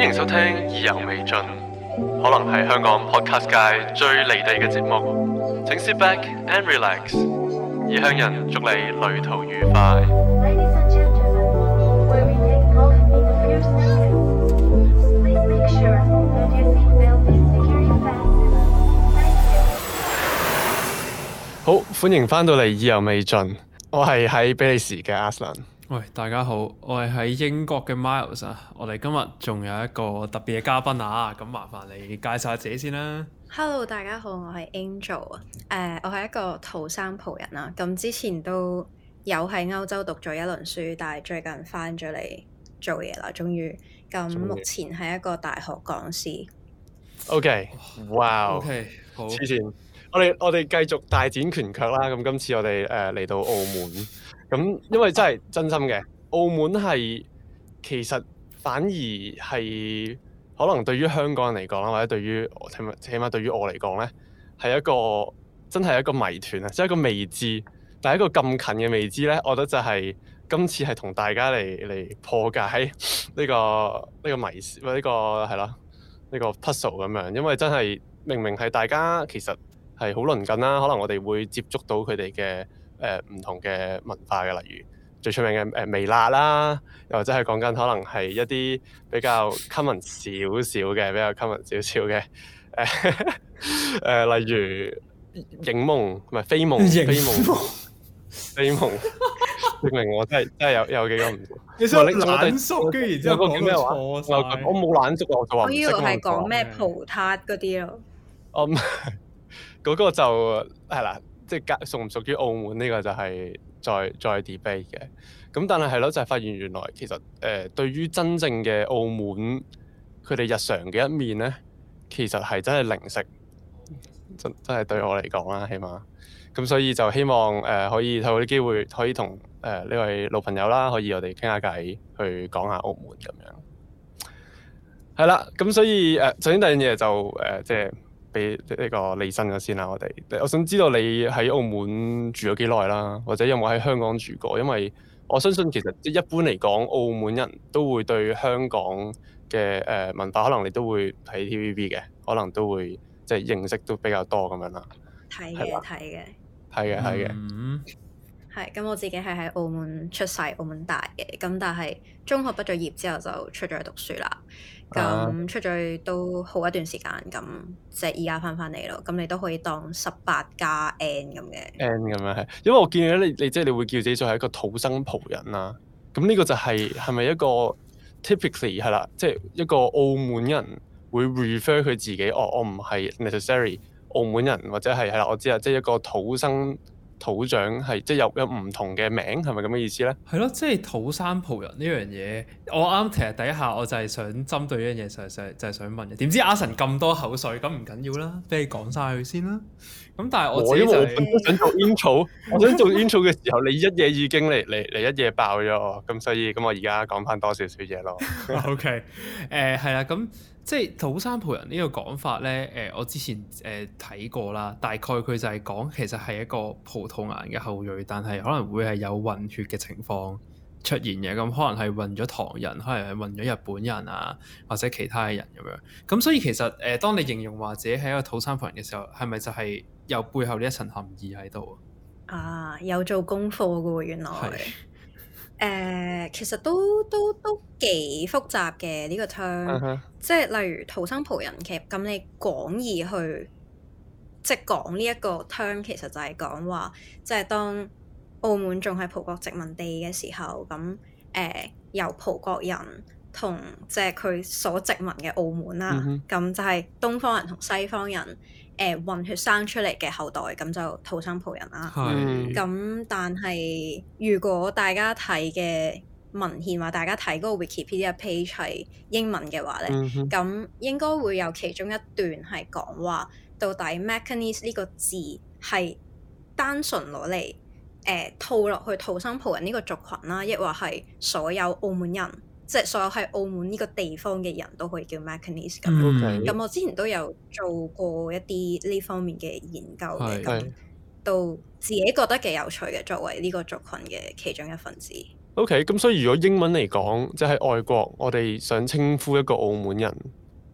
歡迎收聽《意猶未盡》，可能係香港 Podcast 界最離地嘅節目。請 sit back and relax。異鄉人祝你旅途愉快。Session, sure、好，歡迎翻到嚟《意猶未盡》，我係喺比利時嘅 Aslan。喂，大家好，我係喺英國嘅 Miles 啊，我哋今日仲有一個特別嘅嘉賓啊，咁麻煩你介紹下自己先啦。Hello，大家好，我係 Angel 啊，誒，我係一個土生葡人啦，咁之前都有喺歐洲讀咗一輪書，但係最近返咗嚟做嘢啦，終於咁目前係一個大學講師。OK，哇，OK，好，之前我哋我哋繼續大展拳腳啦，咁今次我哋誒嚟到澳門。咁、嗯，因為真係真心嘅，澳門係其實反而係可能對於香港人嚟講啦，或者對於起碼起碼對於我嚟講咧，係一個真係一個謎團啊，即係一個未知，但係一個咁近嘅未知咧，我覺得就係、係、今次係同大家嚟嚟破解呢、呢個呢、呢個謎呢、呢個係咯呢個 puzzle 咁樣，因為真係明明係大家其實係好鄰近啦，可能我哋會接觸到佢哋嘅。誒唔同嘅文化嘅，例如最出名嘅誒微辣啦，又或者係講緊可能係一啲比較 common 少少嘅，比較 common 少少嘅誒誒，例如影夢，唔係飛夢、飛夢、飛夢，證明我真係真係有有幾個唔錯。你真係冷縮，居然之後講咩曬。我冇冷縮，我就話我以為係講咩葡撻嗰啲咯。我嗰個就係啦。即係屬唔屬於澳門呢個就係再再 debate 嘅，咁、嗯、但係係咯，就係、發現原來其實誒、呃、對於真正嘅澳門，佢哋日常嘅一面咧，其實係真係零食，真真係對我嚟講啦，起碼咁所以就希望誒、呃、可以透過啲機會可以同誒呢位老朋友啦，可以我哋傾下偈，去講下澳門咁樣。係啦，咁所以誒、呃，首先第一樣嘢就誒、呃、即係。呢呢、這個離身咗先啦、啊，我哋，我想知道你喺澳門住咗幾耐啦，或者有冇喺香港住過？因為我相信其實一般嚟講，澳門人都會對香港嘅誒文化，可能你都會睇 TVB 嘅，可能都會即係、就是、認識都比較多咁樣啦。睇嘅，睇嘅，係嘅，係嘅，係。咁我自己係喺澳門出世，澳門大嘅，咁但係中學畢咗業之後就出咗去讀書啦。咁、嗯啊、出咗去都好一段時間，咁即係而家返返嚟咯。咁你都可以當十八加 N 咁嘅。N 咁樣係，因為我見到你，你即係、就是、你會叫自己做係一個土生葡人、就是、是是啦。咁呢個就係係咪一個 typically 係啦？即係一個澳門人會 refer 佢自己。哦、我我唔係 necessary 澳門人，或者係係啦，我知啦，即、就、係、是、一個土生。土象係即係有有唔同嘅名係咪咁嘅意思咧？係咯，即係土生葡人呢樣嘢，我啱其實底下我就係想針對呢樣嘢就係、係、就係、係、想問嘅。點知阿神咁多口水，咁唔緊要啦，俾你講晒佢先啦。咁但係我，就係、我因為我想做 intro，我想做 intro 嘅時候，你一嘢已經嚟嚟嚟一嘢爆咗我，咁所以咁我而家講返多少少嘢咯。 OK，誒係啦，咁。即係土生葡人個呢個講法咧，誒、呃，我之前誒睇，呃，過啦，大概佢就係講其實係一個葡萄牙人嘅後裔，但係可能會係有混血嘅情況出現嘅，咁，嗯，可能係混咗唐人，可能係混咗日本人啊，或者其他嘅人咁樣。咁所以其實誒，呃，當你形容話自己係一個土生葡人嘅時候，係咪就係有背後呢一層含義喺度啊？有做功課噶喎，原來。誒，uh huh. 其實都都都幾複雜嘅呢、這個 term，uh huh. 即係例如《土生葡人劇》，咁你廣義去即係講呢一個 term，其實就係講話，即係當澳門仲係葡國殖民地嘅時候，咁誒、呃、由葡國人同即係佢所殖民嘅澳門啦，咁、uh huh. 就係東方人同西方人。誒、呃、混血生出嚟嘅後代咁就土生葡人啦。咁是、嗯、但係如果大家睇嘅文獻或，大家睇嗰個 Wikipedia page 係英文嘅話咧，咁、嗯、哼應該會有其中一段係講話到底 Macanese 呢個字係單純攞嚟誒套落去土生葡人呢個族群啦，亦或係所有澳門人。即係所有喺澳門呢個地方嘅人都可以叫 Mechanism 咁。咁我之前都有做過一啲呢方面嘅研究嘅，咁都自己覺得幾有趣嘅。作為呢個族群嘅其中一份子。OK，咁所以如果英文嚟講，即係喺外國，我哋想稱呼一個澳門人，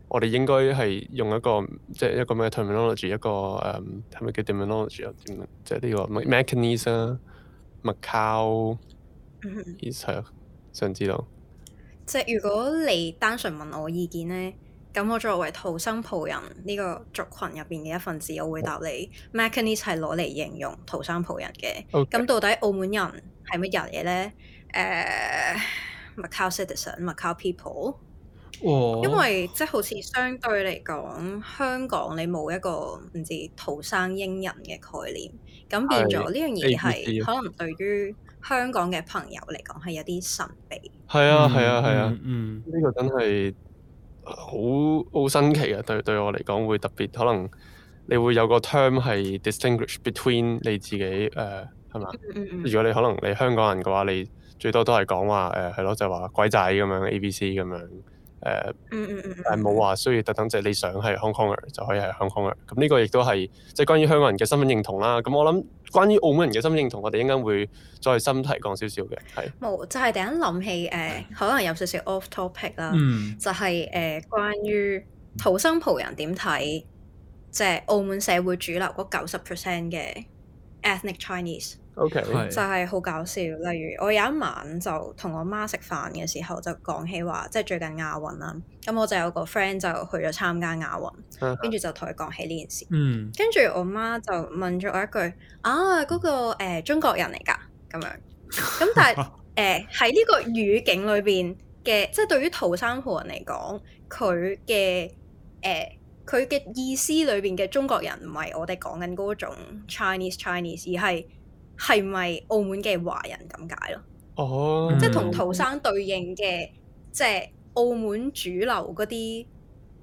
我哋應該係用一個即係一個咩 terminology，一個誒係咪叫 terminology？點即係呢個 Mechanism Macau 嗯哼，係啊，想知道。即係如果你單純問我意見咧，咁我作為土生葡人呢個族群入邊嘅一份子，我會答你 Macanese 係攞嚟形容土生葡人嘅。咁到底澳門人係乜人嘅咧？誒、uh，Macau citizen，Macau people 哇。因為即係好似相對嚟講，香港你冇一個唔知土生英人嘅概念，咁變咗呢樣嘢係可能對於香港嘅朋友嚟講係有啲神秘。係啊係啊係啊，嗯，呢個真係好好新奇啊！對對我嚟講會特別，可能你會有個 term 係 distinguish between 你自己誒係嘛？ 嗯嗯嗯、如果你可能你香港人嘅話，你最多都係講話誒係咯，就話、係、鬼仔咁樣 A B C 咁樣。ABC, 誒，誒冇話需要特登，即係你想係香港人就可以係香港人。咁、嗯、呢、這個亦都係即係關於香港人嘅身份認同啦。咁、嗯、我諗關於澳門人嘅身份認同，我哋應該會再深提講少少嘅，係。冇、嗯，就係、是、突然諗起誒、呃，可能有少少 off topic 啦，mm. 就係、是、誒、呃、關於土生葡人點睇，即、就、係、是、澳門社會主流嗰九十 percent 嘅 ethnic Chinese。OK，right. 就係好搞笑。例如，我有一晚就同我媽食飯嘅時候，就講起話，即、就、係、是、最近亞運啦。咁、嗯、我就有個 friend 就去咗參加亞運，跟住就同佢講起呢件事。跟住、uh huh. 我媽就問咗我一句：啊，嗰、那個、呃、中國人嚟㗎？咁樣。咁但係誒喺呢個語境裏邊嘅，即係對於土生葡人嚟講，佢嘅誒佢嘅意思裏邊嘅中國人唔係我哋講緊嗰種 Chinese Chinese，而係。係咪澳門嘅華人咁解咯？哦，oh, 即係同土生對應嘅，即、就、係、是、澳門主流嗰啲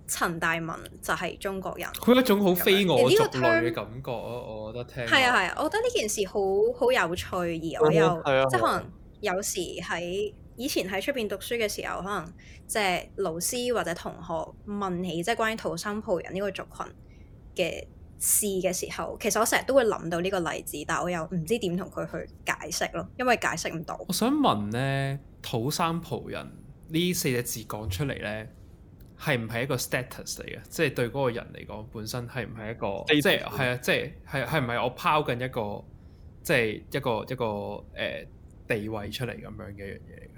陳大文就係中國人。佢一種好非我族類嘅感覺咯，個我覺得聽。係啊係啊，我覺得呢件事好好有趣，而我又、啊啊、即係可能有時喺以前喺出邊讀書嘅時候，可能即係老師或者同學問起即係、就是、關於土生葡人呢個族群嘅。試嘅時候，其實我成日都會諗到呢個例子，但係我又唔知點同佢去解釋咯，因為解釋唔到。我想問咧，土生葡人呢四隻字講出嚟咧，係唔係一個 status 嚟嘅？即係對個人嚟講本身係唔係一個即係？係啊，即係係係唔係我拋緊一個即係一個一個誒地位出嚟咁樣嘅樣嘢。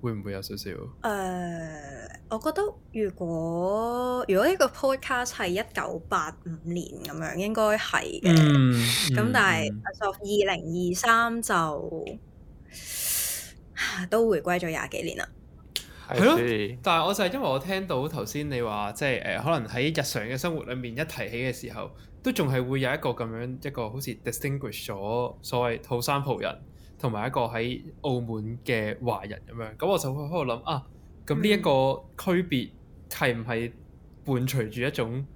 會唔會有少少？誒，uh, 我覺得如果如果呢個 podcast 係一九八五年咁樣，應該係嘅。咁、mm hmm. 但係就 s 二零二三就都回歸咗廿幾年啦。係咯、嗯嗯，但係我就係因為我聽到頭先你話，即係誒，可能喺日常嘅生活裏面一提起嘅時候，都仲係會有一個咁樣一個好似 distinguish 咗所謂土生葡人。同埋一個喺澳門嘅華人咁樣，咁我就喺度諗啊，咁呢一個區別係唔係伴隨住一種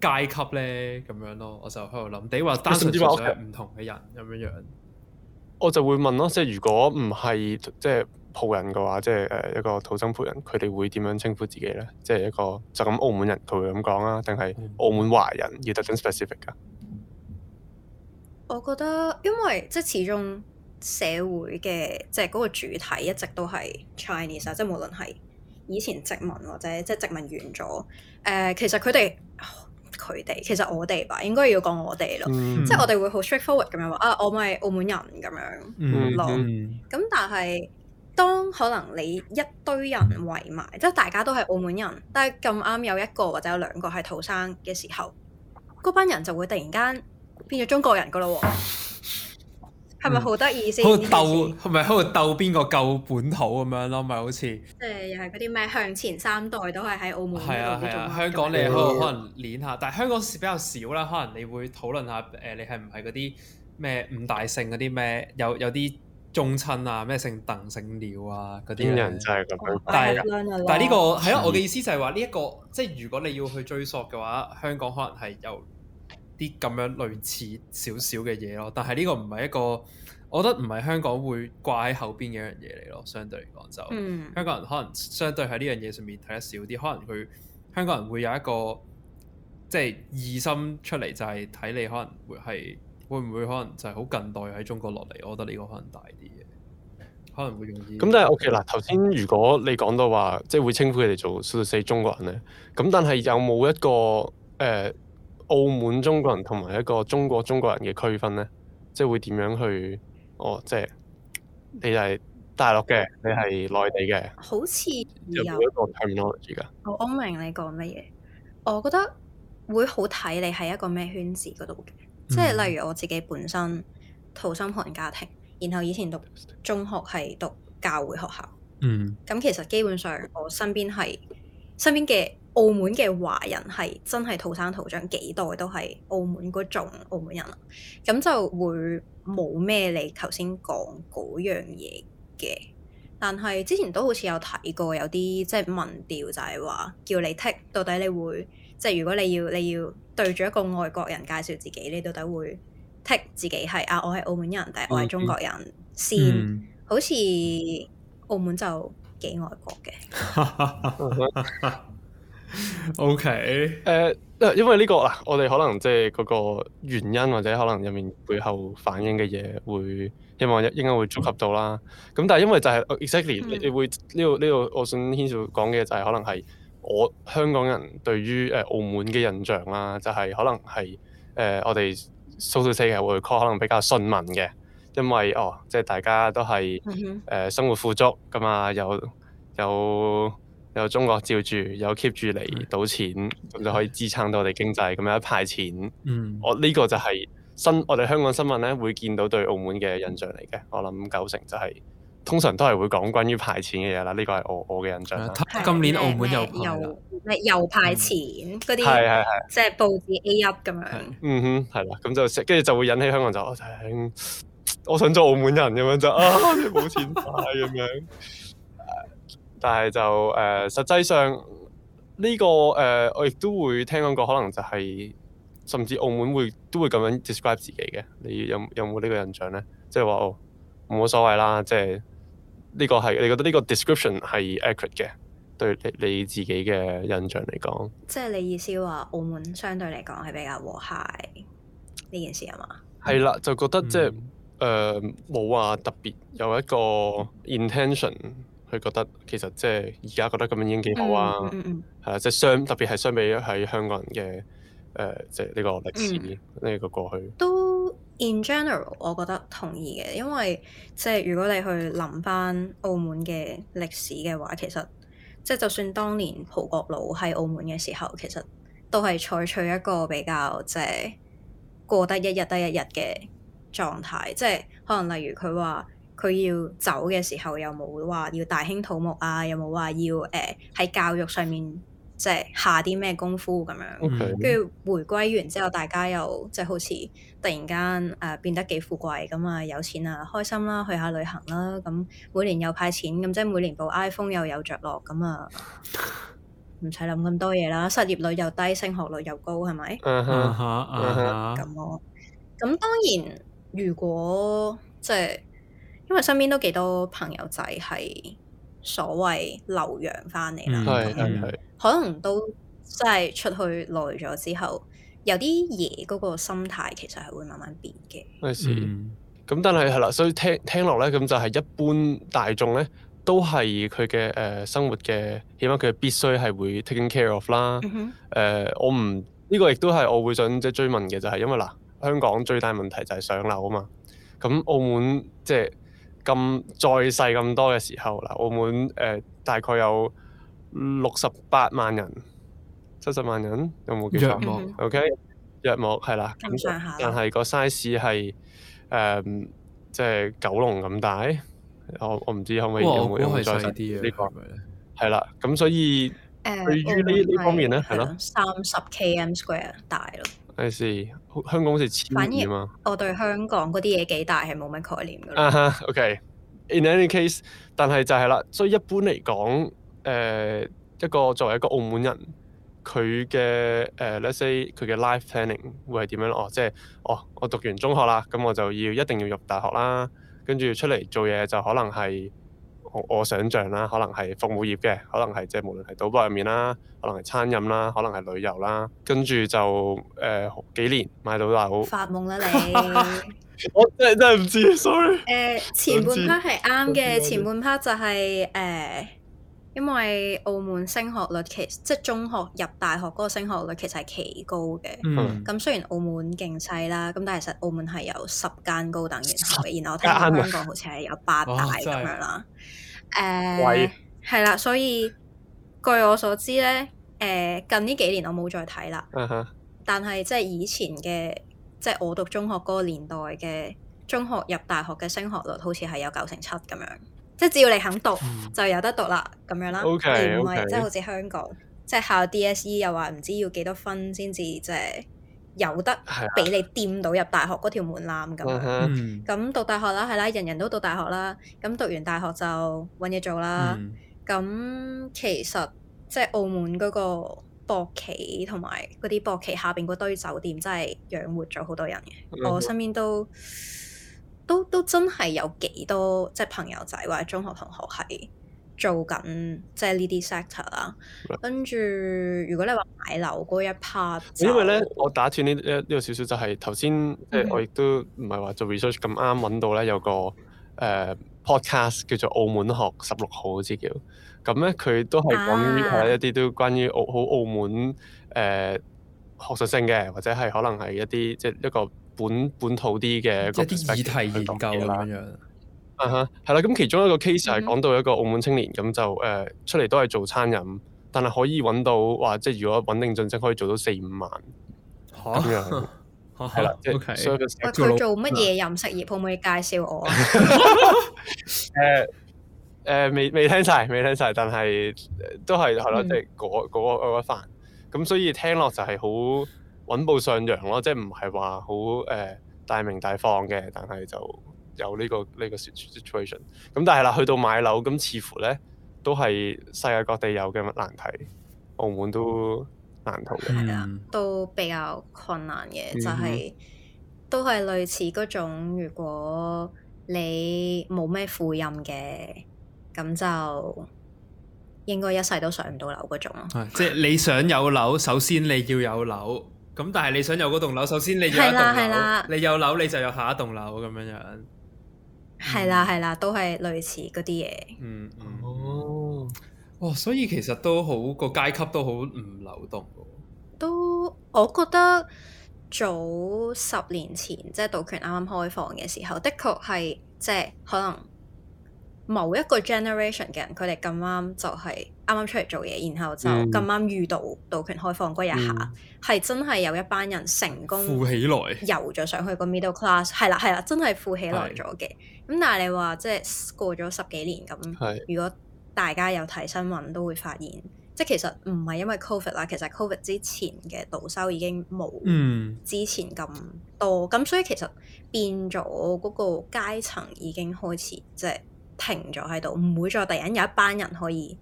階級咧咁樣咯？我就喺度諗，你話單純係唔同嘅人咁樣樣，我就，嗯、我就會問咯，即係如果唔係即係葡人嘅話，即係誒一個土生葡人，佢哋會點樣稱呼自己咧？即係一個就咁澳門人，佢會咁講啊，定係澳門華人要特登 specific 噶、嗯？我覺得，因為即係始終。社會嘅即係嗰個主體一直都係 Chinese 即係無論係以前殖民或者即係殖民完咗，誒、呃、其實佢哋佢哋其實我哋吧，應該要講我哋咯，mm hmm. 即係我哋會好 straightforward 咁樣話啊，我咪澳門人咁樣咯。咁、mm hmm. 但係當可能你一堆人圍埋，mm hmm. 即係大家都係澳門人，但係咁啱有一個或者有兩個係土生嘅時候，嗰班人就會突然間變咗中國人噶咯喎。係咪好得意先？度、嗯、鬥，係咪喺度鬥邊個夠本土咁樣咯？咪好似即係又係嗰啲咩向前三代都係喺澳門嗰度、啊啊。香港你、嗯、可能可能諗下，但係香港係比較少啦。可能你會討論下誒、呃，你係唔係嗰啲咩五大姓嗰啲咩有有啲宗親啊咩姓鄧姓、啊、姓廖是啊嗰啲人真係咁。但係但係呢個係咯，我嘅、這個啊、意思就係話呢一個即係、就是、如果你要去追溯嘅話，香港可能係有。啲咁樣類似少少嘅嘢咯，但係呢個唔係一個，我覺得唔係香港會掛喺後邊嘅一樣嘢嚟咯。相對嚟講，就香港人可能相對喺呢樣嘢上面睇得少啲，可能佢香港人會有一個即係疑心出嚟，就係睇你可能會係會唔會可能就係好近代喺中國落嚟。我覺得呢個可能大啲嘅，可能會容易。咁、嗯嗯嗯、但係 OK 嗱，頭先如果你講到話即係、就是、會稱呼佢哋做 s t 四中國人咧，咁但係有冇一個誒？呃澳門中國人同埋一個中國中國人嘅區分呢，即係會點樣去？哦，即係你係大陸嘅，你係內地嘅，好似有，有，有一個 terminology 我我明你講乜嘢？我覺得會好睇你係一個咩圈子，嗰度嘅。嗯。即係例如我自己本身土生葡人家庭，然後以前讀中學係讀教會學校。嗯。咁其實基本上我身邊係身邊嘅。澳門嘅華人係真係土生土長，幾代都係澳門嗰種澳門人啦，咁就會冇咩你頭先講嗰樣嘢嘅。但係之前都好似有睇過有啲即係民調就，就係話叫你剔，到底你會即係如果你要你要對住一個外國人介紹自己，你到底會剔自己係啊？我係澳門人，定係我係中國人 Okay. 先？Mm. 好似澳門就幾外國嘅。 O K，誒，Okay. uh, 因為呢、這個啦，我哋可能即係嗰個原因或者可能入面背後反映嘅嘢會，希望一應該會綜合到啦。咁、嗯、但係因為就係、是、exactly，你你、mm hmm. 會呢度呢度，我想牽涉講嘅就係可能係我香港人對於誒、呃、澳門嘅印象啦，就係、是、可能係誒、呃、我哋 s o c i a 係會 call 可能比較順民嘅，因為哦，即、就、係、是、大家都係誒、mm hmm. 呃、生活富足㗎嘛，有有。有有中國照住，有 keep 住嚟賭錢，咁就可以支撐到我哋經濟，咁樣派錢。嗯，我呢、呢個就係新我哋香港新聞咧，會見到對澳門嘅印象嚟嘅。我諗九成就係、係、通常都係會講關於派錢嘅嘢啦。呢個係我我嘅印象。今年澳門又又派錢啲，係係係，即係報紙 A up 咁樣。嗯哼，係啦，咁就跟住就會引起香港就，我，我想做澳門人咁樣就啊，冇錢派咁樣。 但係就誒、呃，實際上呢、呢個誒、呃，我亦都會聽講過，可能就係甚至澳門會都會咁樣 describe 自己嘅。你有有冇呢個印象咧？即係話哦，冇所謂啦，即係呢個係你覺得呢個 description 係 accurate 嘅對你你自己嘅印象嚟講。即係你意思話澳門相對嚟講係比較和諧呢件事啊嘛？係啦，就覺得即係誒冇話特別有一個 intention。佢覺得其實即係而家覺得咁樣已經幾好啊，係、嗯嗯、啊，即、就、係、是、相特別係相比喺香港人嘅誒，即係呢個歷史呢、嗯、個過去，都 in general，我覺得同意嘅，因為即係、就是、如果你去諗返澳門嘅歷史嘅話，其實即係、就是、就算當年葡國佬喺澳門嘅時候，其實都係採取一個比較即係、就是、過得一日得一日嘅狀態，即、就、係、是、可能例如佢話，佢要走嘅時候又冇話要大興土木啊，又冇話要誒喺、呃、教育上面即係下啲咩功夫咁樣。跟住 Okay. 回歸完之後，大家又即係好似突然間誒、呃、變得幾富貴咁啊，有錢啊，開心啦、啊，去下旅行啦、啊，咁、嗯、每年又派錢，咁即係每年部 iPhone 又有着落咁啊，唔使諗咁多嘢啦。失業率又低，升學率又高，係咪？嗯哼，咁咯。咁當然，如果即係。因為身邊都幾多朋友仔係所謂留洋翻嚟啦，係係可能都即係出去耐咗之後，有啲嘢嗰個心態其實係會慢慢變嘅。咁、嗯嗯、但係係啦，所以聽聽落咧，咁就係一般大眾咧都係佢嘅誒生活嘅，起碼佢必須係會 taking care of 啦、嗯哼。誒、呃，我唔呢、呢個亦都係我會想即係追問嘅就係、是，因為嗱，香港最大問題就係上樓啊嘛，咁澳門即係。即咁再細咁多嘅時候嗱，澳門誒、呃、大概有六十八萬人、七十萬人，有冇記錯？約莫 OK，約莫係啦。咁上下。但係個 size 係誒、呃、即係九龍咁大，我我唔知可唔可以有冇再細啲啊？呢個係啦，咁所以對於呢呢、呃呃、方面咧係咯，三十 km square 大咯。係，是香港好似千二啊嘛。我對香港嗰啲嘢幾大係冇乜概念噶啦。Uh huh. o、okay. k In any case，但係就係啦，所以一般嚟講，誒、呃、一個作為一個澳門人，佢嘅誒、呃、，Let's say 佢嘅 life planning 會係點樣咯？即、哦、係、就是、哦，我讀完中學啦，咁我就要一定要入大學啦，跟住出嚟做嘢就可能係。我想象啦，可能係服務業嘅，可能係即係無論係賭博入面啦，可能係餐飲啦，可能係旅遊啦，跟住就誒、呃、幾年買到大屋。發夢啦你！ 我真係真係唔知，sorry。誒，前半 part 係啱嘅，前半 part 就係、係、誒。 呃因為澳門升學率其實即係中學入大學嗰個升學率其實係奇高嘅。咁、嗯、雖然澳門勁細啦，咁但係其實澳門係有十間高等院校嘅。十間？然後我聽返香港好似係有八大咁、哦、樣啦。哇！真係。誒，係啦，所以據我所知咧，誒、呃、近呢幾年我冇再睇啦。Uh huh. 但係即係以前嘅，即係我讀中學嗰個年代嘅中學入大學嘅升學率，好似係有九成七咁樣。即只要你肯讀，就有得讀啦，咁樣啦，而唔係即係好似香港，即係考 DSE 又話唔知要幾多分先至即係有得俾你掂到入大學嗰條門檻咁。咁讀大學啦，係啦，人人都讀大學啦。咁讀完大學就搵嘢做啦。咁、mm. 其實即係澳門嗰個博企同埋嗰啲博企下邊嗰堆酒店，真係養活咗好多人嘅。Uh huh. 我身邊都。都都真係有幾多即係朋友仔或者中學同學係做緊即係呢啲 sector 啦。跟住如果你話買樓嗰一 part，因為咧我打斷、這個這個就是呃、呢一呢個少少就係頭先，誒我亦都唔係話做 research 咁啱揾到咧有個誒、呃、podcast 叫做《澳門學十六號》之叫。咁咧佢都係講一啲都關於澳好、啊、澳門誒、呃、學術性嘅，或者係可能係一啲即係一個。本本土啲嘅一啲議題研究啦，啊哈，係啦。咁其中一個 case 係講到一個澳門青年，咁就誒出嚟都係做餐飲，但係可以揾到話，即係如果穩定晉升，可以做到四五萬。嚇？係啦，即係。喂，佢做乜嘢飲食業？可唔可以介紹我啊？誒誒，未未聽晒，未聽晒，但係都係係咯，即係嗰嗰嗰番。咁所以聽落就係好。穩步上揚咯，即係唔係話好誒大鳴大放嘅，但係就有呢、呢個呢、呢個 situation。咁、嗯、但係啦，去到買樓咁似乎咧都係世界各地有嘅難題，澳門都難逃嘅。係啊、嗯， 都比較困難嘅，就係、係、都係類似嗰種，如果你冇咩負擔嘅，咁就應該一世都上唔到樓嗰種咯。即係你想有樓， 首先你要有樓。咁但係你想有嗰棟樓，首先你要一棟樓，樓，係啦係啦，你有樓你就有下一棟樓咁樣樣。係啦係啦，都係類似嗰啲嘢。嗯，哦，哇、哦，所以其實都好個階級都好唔流動都，我覺得早十年前即係賭權啱啱開放嘅時候，的確係即係可能某一個 generation 嘅人，佢哋咁啱就係、是。啱啱出嚟做嘢，然後就咁啱遇到賭權、嗯、開放嗰一下，係、嗯、真係有一班人成功富起來，遊咗上去個 middle class 係啦係啦，真係富起來咗嘅。咁但係你話即係過咗十幾年咁，的如果大家有睇新聞都會發現，即係的其實唔係因為 covid 啦，其實 covid 之前嘅賭收已經冇之前咁多咁，嗯、所以其實變咗嗰個階層已經開始即係停咗喺度，唔會再突然有一班人可以。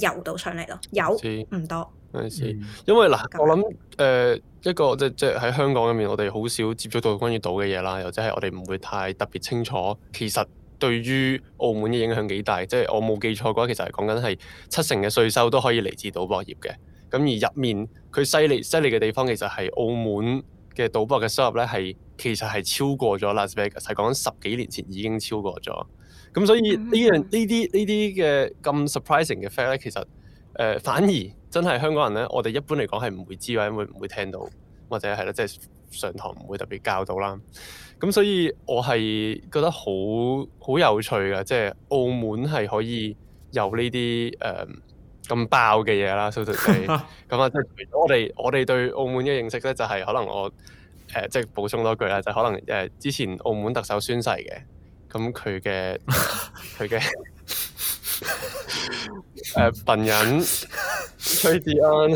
游到上嚟咯，有唔是多，嗯、因為嗱，這樣 我諗誒、呃、一個即即喺香港入面，我哋好少接觸到關於賭嘅嘢啦，又或者係我哋唔會太特別清楚，其實對於澳門嘅影響幾大。即、就、係、是、我冇記錯嘅話，其實係講緊係七成嘅稅收都可以嚟自賭博業嘅。咁而入面佢犀利犀利嘅地方其，其實係澳門嘅賭博嘅收入咧，係其實係超過咗拉斯維加斯，講緊十幾年前已經超過咗。咁所以、嗯、呢樣呢啲呢啲嘅咁 surprising 嘅 fact 咧，其實誒、呃、反而真係香港人咧，我哋一般嚟講係唔會知或者會唔會聽到，或者係、就是、啦，即係上堂唔會特別教到啦。咁所以我係覺得好好有趣嘅，即、就、係、是、澳門係可以有呢啲誒咁爆嘅嘢啦，所以就係。咁啊， 即係我哋我哋對澳門嘅認識咧，就係、是、可能我誒，即係補充多句啦，就是、可能誒、呃、之前澳門特首宣誓嘅。咁佢嘅佢嘅誒病人崔子安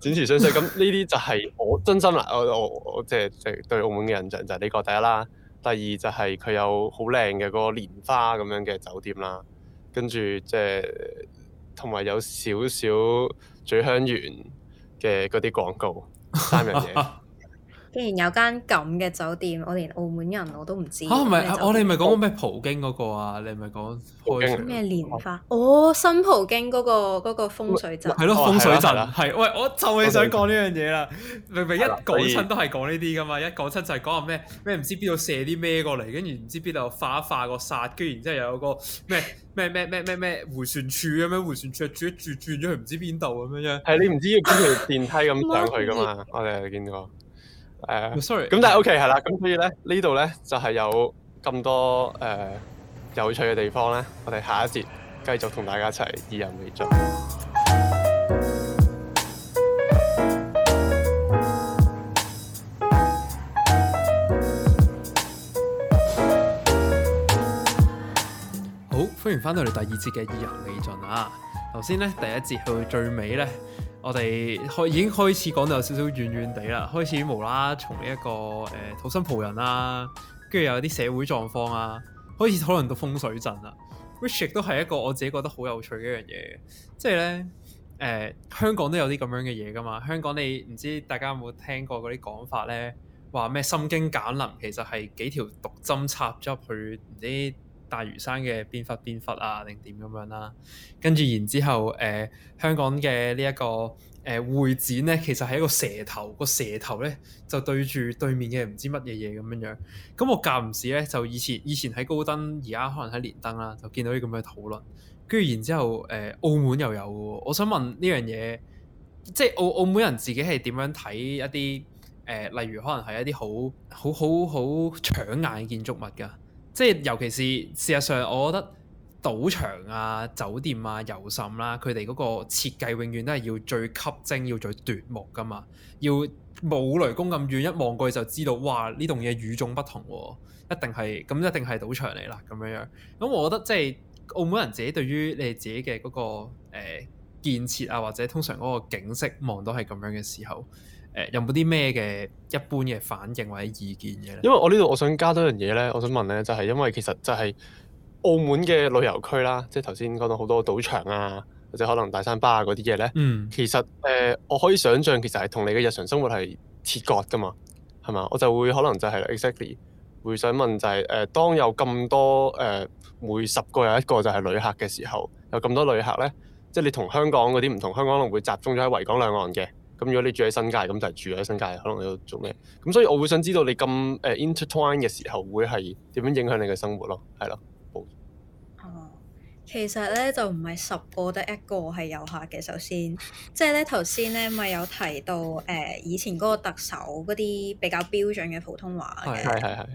展翅上升，咁呢啲就係我真心啦。我我我即係即係對澳門嘅印象就係、是、呢個第一啦，第二就係佢有好靚嘅嗰個蓮花咁樣嘅酒店啦，跟住即係同埋有少少咀香園嘅嗰啲廣告三樣嘢。 .竟然有間咁嘅酒店，我連澳門人我都唔知。吓，唔係，我哋咪講過咩葡京嗰個啊？你咪講咩蓮花？哦，新葡京嗰個嗰個風水陣係咯，風水陣係。喂，我就係想講呢樣嘢啦。明明一講親都係講呢啲噶嘛，一講親就係講個咩咩唔知邊度射啲咩過嚟，跟住唔知邊度化一化個煞，居然即係又有個咩咩咩咩咩咩回旋處咁樣，回旋處住住住咗去唔知邊度咁樣。係你唔知要邊條電梯咁上去噶嘛？我哋係見過？誒，咁、uh, Sorry. 但係 OK 係啦，咁所以咧呢度咧就係、是、有咁多誒、呃、有趣嘅地方咧，我哋下一節繼續同大家一齊意猶未盡。好，歡迎翻到嚟第二節嘅意猶未盡啊！頭先咧第一節去最尾咧。我哋開已經開始講到有少少遠遠地啦，開始無啦從一、呢個誒、欸、土生葡人啦、啊，跟住有啲社會狀況啊，開始討論到風水陣啦 which 亦都係一個我自己覺得好有趣嘅一樣嘢，即係咧，誒，香港都有啲咁樣嘅嘢噶嘛。香港你唔知大家有冇聽過嗰啲講法咧，話咩心經簡能其實係幾條毒針插咗入去唔知。大嶼山嘅邊忽邊忽啊，定點咁樣啦、啊？跟住然之後，誒、呃、香港嘅呢一個誒、呃、會展咧，其實係一個蛇頭，個蛇頭咧就對住對面嘅唔知乜嘢嘢咁樣樣、啊。咁、嗯、我間唔時咧就以前以前喺高登，而家可能喺連登啦、啊，就見到啲咁嘅討論。跟住然之後，誒、呃、澳門又有嘅，我想問呢樣嘢，即係澳澳門人自己係點樣睇一啲誒、呃，例如可能係一啲好好好好搶眼嘅建築物㗎？即係尤其是事實上，我覺得賭場啊、酒店啊、遊甚啦、啊，佢哋嗰個設計永遠都係要最吸睛、要最奪目㗎嘛，要冇雷公咁遠一望過去就知道，哇！呢棟嘢與眾不同、啊，一定係咁，一定係賭場嚟啦咁樣樣。咁我覺得即係澳門人自己對於你哋自己嘅嗰個、呃、建設啊，或者通常嗰個景色望到係咁樣嘅時候。誒有冇啲咩嘅一般嘅反應或者意見嘅？因為我呢度我想加多樣嘢咧，我想問咧就係、是、因為其實就係澳門嘅旅遊區啦，即係頭先講到好多賭場啊，或者可能大三巴啊嗰啲嘢咧。嗯，其實誒、呃、我可以想像其實係同你嘅日常生活係切割㗎嘛，係嘛？我就會可能就係 exactly 會想問就係、是、誒、呃，當有咁多誒、呃、每十個有一個就係旅客嘅時候，有咁多旅客咧，即係你同香港嗰啲唔同，香港可能會集中咗喺維港兩岸嘅。咁如果你住喺新界，咁就係住喺新界，可能你都做咩？咁所以我會想知道你咁誒、uh, intertwine 嘅時候，會係點樣影響你嘅生活咯？係咯？哦，其實咧就唔係十個得一個係遊客嘅。首先，即係咧頭先咧咪有提到誒、呃、以前嗰個特首嗰啲比較標準嘅普通話嘅，係係係。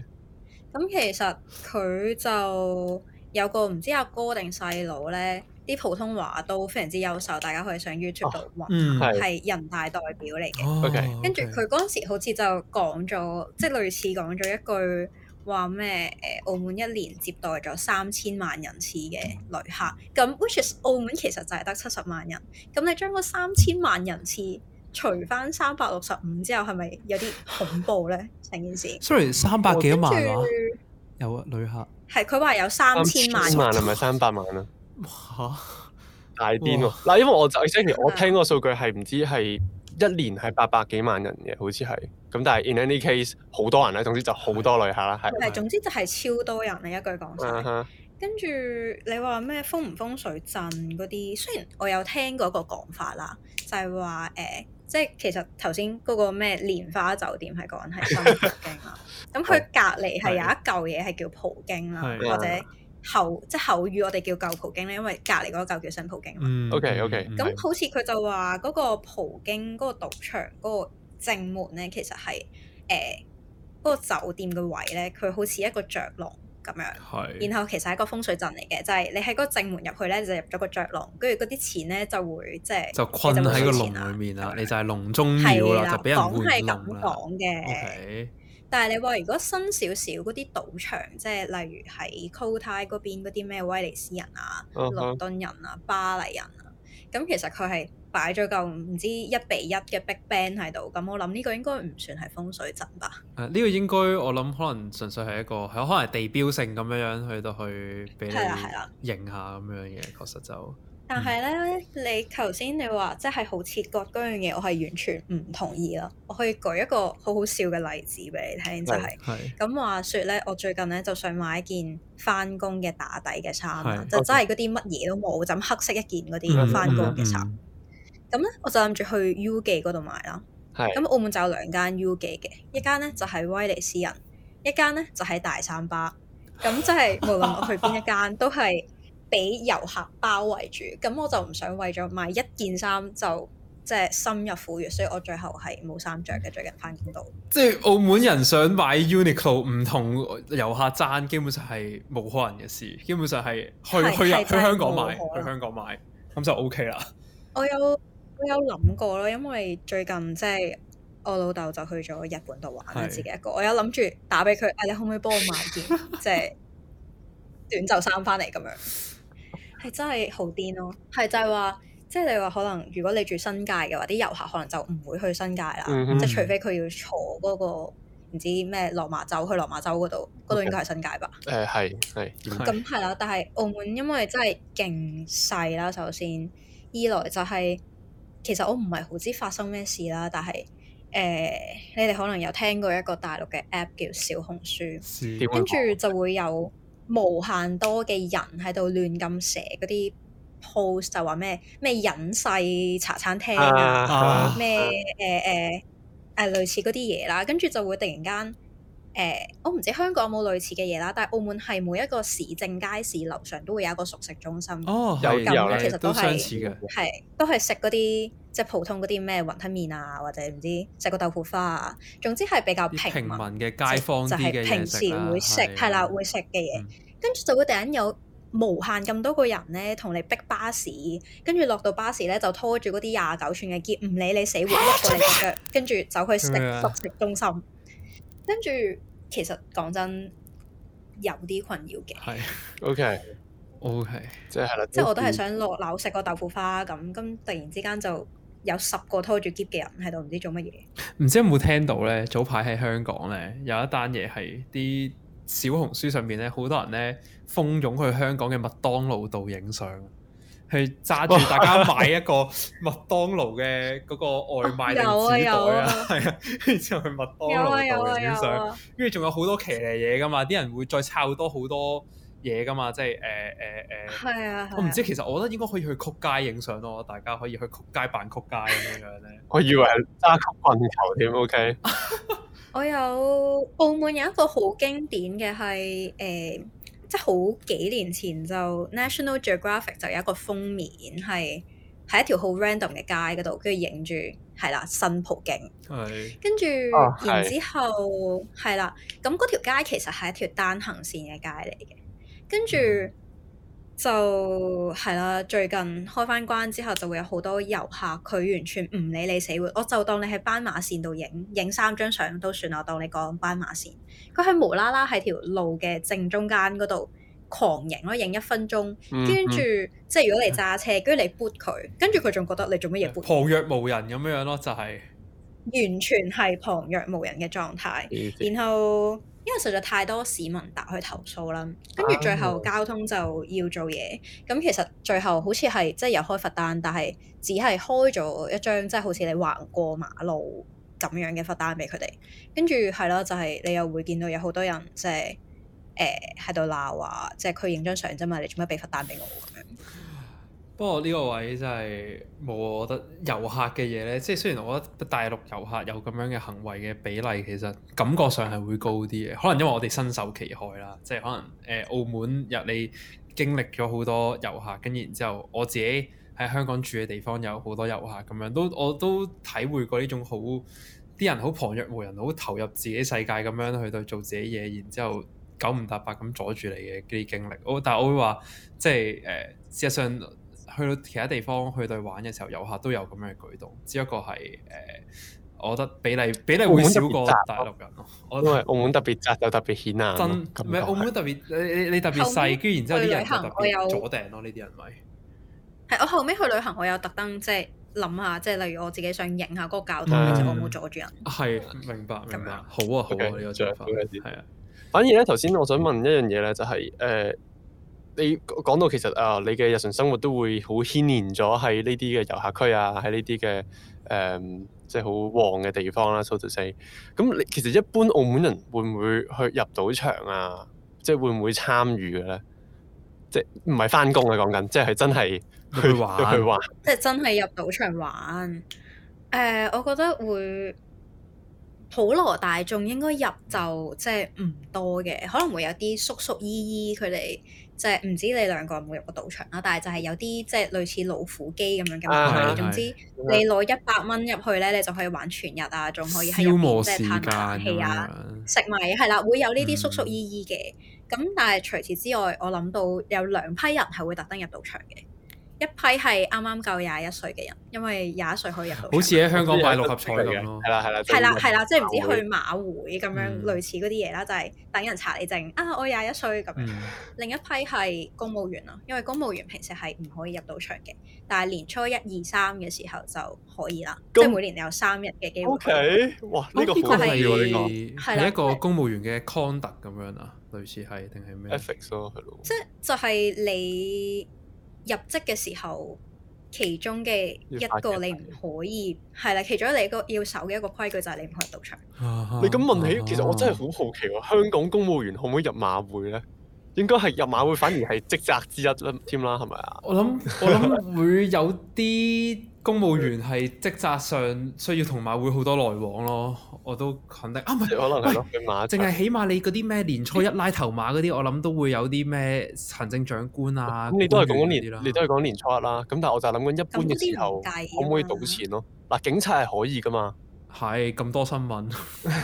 咁其實佢就有個唔知阿哥定細佬咧。啲普通話都非常之優秀，大家可以上 YouTube 度揾，係、哦嗯、人大代表嚟嘅。哦、跟住佢嗰陣時好似就講咗，嗯、okay, 即係類似講咗一句話咩？誒，澳門一年接待咗三千萬人次嘅旅客，咁 which is 澳門其實就係得七十萬人。咁你將嗰三千萬人次除翻三百六十五之後，係咪有啲恐怖咧？成 件事？sorry，三百幾萬啊、哦、有啊，旅客係佢話有三千萬，千 萬係咪三百萬啊？哇！大癲喎！嗱，因為我就而且其我聽個數據係唔知係一年係八百幾萬人嘅，好似係咁，但係 in any case 好多人咧，總之就好多旅客啦，係，係，總之就係超多人啊！一句講晒，跟住你話咩風唔風水鎮嗰啲？雖然我有聽過個講法啦，就係話誒，即係其實頭先嗰個咩蓮花酒店係講係新葡京啦，咁佢隔籬係有一嚿嘢係叫葡京啦，或者。後即係口語，我哋叫舊葡京咧，因為隔離嗰個就叫新葡京嘛。O K O K。咁好似佢就話嗰個葡京嗰個賭場嗰個正門咧，其實係誒嗰個酒店嘅位咧，佢好似一個雀籠咁樣。係是。然後其實係一個風水陣嚟嘅，就係、是、你喺嗰個正門入去咧，就入咗個雀籠，跟住嗰啲錢咧就會即係就困喺個籠裡面啦。你就係籠中鳥啦，就俾人換籠，講係咁講嘅。 但係你話如果新少少嗰啲賭場，即係例如喺 Cotai 嗰邊嗰啲咩威尼斯人啊、倫、uh huh. 敦人啊、巴黎人啊，咁、嗯、其實佢係擺咗嚿唔知一比一嘅 Big Ben 喺度，咁、嗯、我諗呢個應該唔算係風水陣吧？誒，呢個應該我諗可能純粹係一個，可能係地標性咁樣樣去到去俾你認下咁樣嘅，yeah, yeah. 確實就。但係咧，你頭先你話即係好切割嗰樣嘢，我係完全唔同意咯。我可以舉一個好好笑嘅例子俾你聽，就係、是、咁話說咧，我最近咧就想買一件翻工嘅打底嘅衫是就真係嗰啲乜嘢都冇，就咁是黑色一件嗰啲翻工嘅衫。咁咧、嗯嗯嗯，我就諗住去 U 記嗰度買啦。咁是澳門就有兩間 U 記嘅，一間咧就係、是、威尼斯人，一間咧就喺、是、大三巴。咁即係無論我去邊一間都係。 俾遊客包圍住，咁我就唔想為咗買一件衫就即係深入虎穴，所以我最後係冇衫着嘅。最近翻緊度，即係澳門人想買 Uniqlo 唔同遊客爭，基本上係冇可能嘅事。基本上係去去去香港買，啊、去香港買咁就 OK 啦。我有我有諗過咯，因為最近即係我老豆就去咗日本度玩，是自己一個。我有諗住打俾佢，誒、哎、你可唔可以幫我買件即係 短袖衫翻嚟咁樣？係真係好癲咯，係就係話，即係你話可能如果你住新界嘅話，啲遊客可能就唔會去新界啦，嗯、哼即係除非佢要坐嗰個唔知咩羅馬洲去羅馬洲嗰度，嗰度、嗯、哼應該係新界吧？誒係係。咁係啦，但係澳門因為真係勁細啦，首先，二來就係、是、其實我唔係好知發生咩事啦，但係誒、呃、你哋可能有聽過一個大陸嘅 app 叫小紅書，嗯、跟住就會有。無限多嘅人喺度亂咁寫嗰啲 post，就話咩咩隱世茶餐廳啊，咩誒誒誒類似嗰啲嘢啦，跟住就會突然間。誒，我唔知香港有冇類似嘅嘢啦，但係澳門係每一個市政街市樓上都會有一個熟食中心，有㗎，其實都係係都係食嗰啲即係普通嗰啲咩雲吞麵啊，或者唔知食個豆腐花啊，總之係比較平民嘅街坊就係平時會食係啦，會食嘅嘢，跟住就會突然有無限咁多個人咧同你逼巴士，跟住落到巴士咧就拖住嗰啲廿九寸嘅結，唔理你死活碌過嚟隻腳，跟住走去食熟食中心。跟住，其實講真有啲困擾嘅。係，OK，OK，即係啦。即係我都係想落樓食個豆腐花咁，咁突然之間就有十個拖住喼嘅人喺度，唔知做乜嘢。唔知有冇聽到咧？早排喺香港咧有一單嘢，係啲小紅書上面咧，好多人咧蜂擁去香港嘅麥當勞度影相。去揸住大家買一個麥當勞嘅嗰個外賣定紙袋啊，係啊，啊 然之後去麥當勞度影相，跟住仲有好、啊啊啊、多騎呢嘢噶嘛，啲人會再抄多好多嘢噶嘛，即係誒誒啊，啊我唔知、啊、其實我覺得應該可以去曲街影相咯，大家可以去曲街扮曲街咁樣咧。我以為係揸球棍、球添，OK？ 我有澳門有一個好經典嘅係誒。呃即好幾年前就 National Geographic 就有一個封面係喺一條好 random 嘅街嗰度，跟住影住係啦新葡京，跟住然之後係啦，咁嗰條街其實係一條單行線嘅街嚟嘅，跟住。嗯就係啦，最近開翻關之後就會有好多遊客，佢完全唔理你死活，我就當你喺斑馬線度影影三張相都算，我當你講斑馬線。佢係無啦啦喺條路嘅正中間嗰度狂影咯，影一分鐘，跟住即係如果你揸車，跟住、嗯、你撥佢，跟住佢仲覺得你做乜嘢撥旁若無人咁樣樣咯、就係，就係完全係旁若無人嘅狀態，嗯、然後。因為實在太多市民打去投訴啦，跟住最後交通就要做嘢，咁其實最後好似係即係有開罰單，但係只係開咗一張即係好似你橫過馬路咁樣嘅罰單俾佢哋，跟住係囉，就係、係、你又會見到有好多人即係誒喺度鬧話，即係佢影張相啫嘛，你做咩俾罰單俾我咁樣？不過呢個位真係冇，我覺得遊客嘅嘢呢。即係雖然我覺得大陸遊客有咁樣嘅行為嘅比例，其實感覺上係會高啲嘅。可能因為我哋身受其害啦，即係可能、呃、澳門入你經歷咗好多遊客，跟住然之後我自己喺香港住嘅地方有好多遊客咁樣都我都體會過呢種好啲人好旁若無人，好投入自己世界咁樣去到做自己嘢，然之後九唔搭八咁阻住你嘅啲經歷。但係我會話即係呃、事實上。去到其他地方去到玩嘅時候，遊客都有咁樣嘅舉動，只不過係誒，我覺得比例比例會少過大陸人咯。我都係澳門特別窄又特別顯眼啊，真唔係澳門特別你你特別細，居然之後啲旅行我有阻定咯，呢啲人位係我後尾去旅行，我有特登即係諗下，即係例如我自己想影下嗰個教堂，然之後我有冇阻住人？係，明白明白，好啊好啊，呢個做法係啊。反而咧，頭先我想問一樣嘢咧，就係誒。你講到其實啊、哦，你嘅日常生活都會好牽連咗喺呢啲嘅遊客區啊，喺呢啲嘅誒，即係好旺嘅地方啦、啊。So to say，咁你其實一般澳門人會唔會去入賭場啊？即係會唔會參與嘅咧？即係唔係翻工啊？講緊即係真係去玩去玩， 即係真係入賭場玩。誒、呃，我覺得會普羅大眾應該入就即係唔多嘅，可能會有啲叔叔姨姨佢哋。就係唔知你兩個有冇入過賭場啦，但係就係有啲即係類似老虎機咁樣嘅，啊、是總之、啊、你攞一百蚊入去咧，你就可以玩全日啊，仲可以喺入邊即係嘆嘆氣啊、食米啊，係啦，會有呢啲叔叔姨姨嘅。咁、嗯、但係除此之外，我諗到有兩批人係會特登入賭場嘅。一批係啱啱夠廿一歲嘅人，因為廿一歲可以入到場。好似喺香港買六合彩咁咯，係啦係啦。係啦係啦，即係唔知去馬會咁樣、嗯、類似嗰啲嘢啦，就係、是、等人查你證啊，我廿一歲咁樣。嗯、另一批係公務員咯，因為公務員平時係唔可以入到場嘅，但係年初一二三嘅時候就可以啦，那即係每年有三日嘅機會。O、okay, K，哇，呢、這個好得意喎！係一個公務員嘅 con 特咁樣啊，類似係定係咩 e 咯，即係就係你。入職嘅時候，其中嘅一個你唔可以係啦，其中一個要守嘅一個規矩就係你唔可以賭場。 你咁問起，其實我真係好好奇喎，香港公務員可唔可以入馬會呢？應該係入馬會反而係職責之一啦，添啦，係咪啊？我諗，我諗會有啲公務員係職責上需要同馬會好多來往咯。我都肯定啊，可能係咯，喂馬淨係起碼你嗰啲咩年初一拉頭馬嗰啲，我諗都會有啲咩行政長官啊。咁你都係講年，你都係講年，年初一啦。咁但係我就諗緊一般嘅時候，可唔可以賭錢咯？嗱、啊啊，警察係可以噶嘛？係咁多新聞。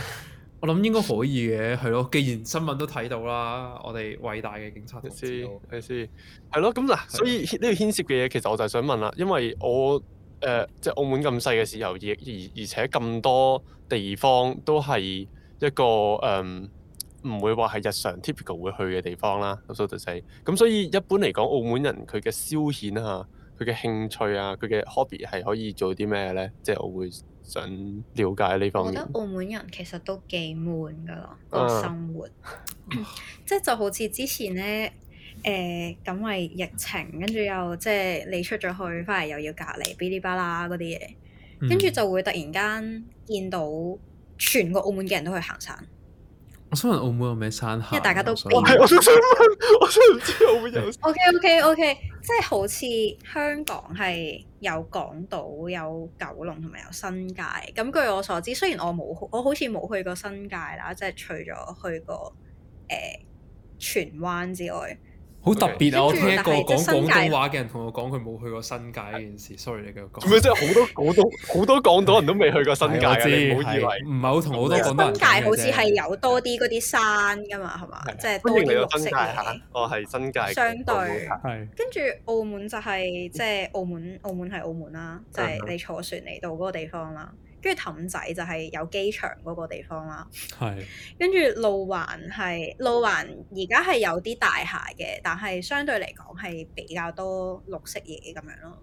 我諗應該可以嘅，係咯。既然新聞都睇到啦，我哋偉大嘅警察同志，先係咯。咁嗱，的所以呢度牽涉嘅嘢，其實我就係想問啦。因為我誒、呃，即係澳門咁細嘅時候，而而而且咁多地方都係一個誒，唔、呃、會話係日常 typical 會去嘅地方啦。咁、so、所以一般嚟講，澳門人佢嘅消遣啊，佢嘅興趣啊，佢嘅 hobby 係可以做啲咩咧？即係我會。想了解呢方面，我覺得澳門人其實都幾悶噶咯，個生活，即係、啊、 就好似之前呢，誒、呃，因為疫情，跟住又即係、就是、你出咗去，翻嚟又要隔離，噼里啪啦嗰啲嘢，跟住就會突然間見到全個澳門嘅人都去行山。我想問澳門有咩山？因為大家都變咗，我真唔知澳門有。 OK OK OK，即係好似香港係有港島、有九龍同埋有新界。咁據我所知，雖然我冇我好似冇去過新界啦，即係除咗去過誒荃、呃、灣之外。好特別啊！Okay。我聽一個講廣東話嘅人同我講佢冇去過新界呢件事、啊，Sorry 你繼續講。咁樣真係好多廣東好多廣東人都未去過新界嘅、啊，唔好以為。唔係好同好多廣東人新界好似係有多啲嗰啲山㗎嘛，係嘛？即係多啲綠色新界。我係新界。相對係。跟住澳門就係即係澳門，澳門係澳門啦、啊，即、就、係、是、你坐船嚟到嗰個地方啦。跟住氹仔就係有機場嗰個地方啦。係的。跟住路環係路環，而家係有啲大廈嘅，但係相對嚟講係比較多綠色嘢咁樣咯。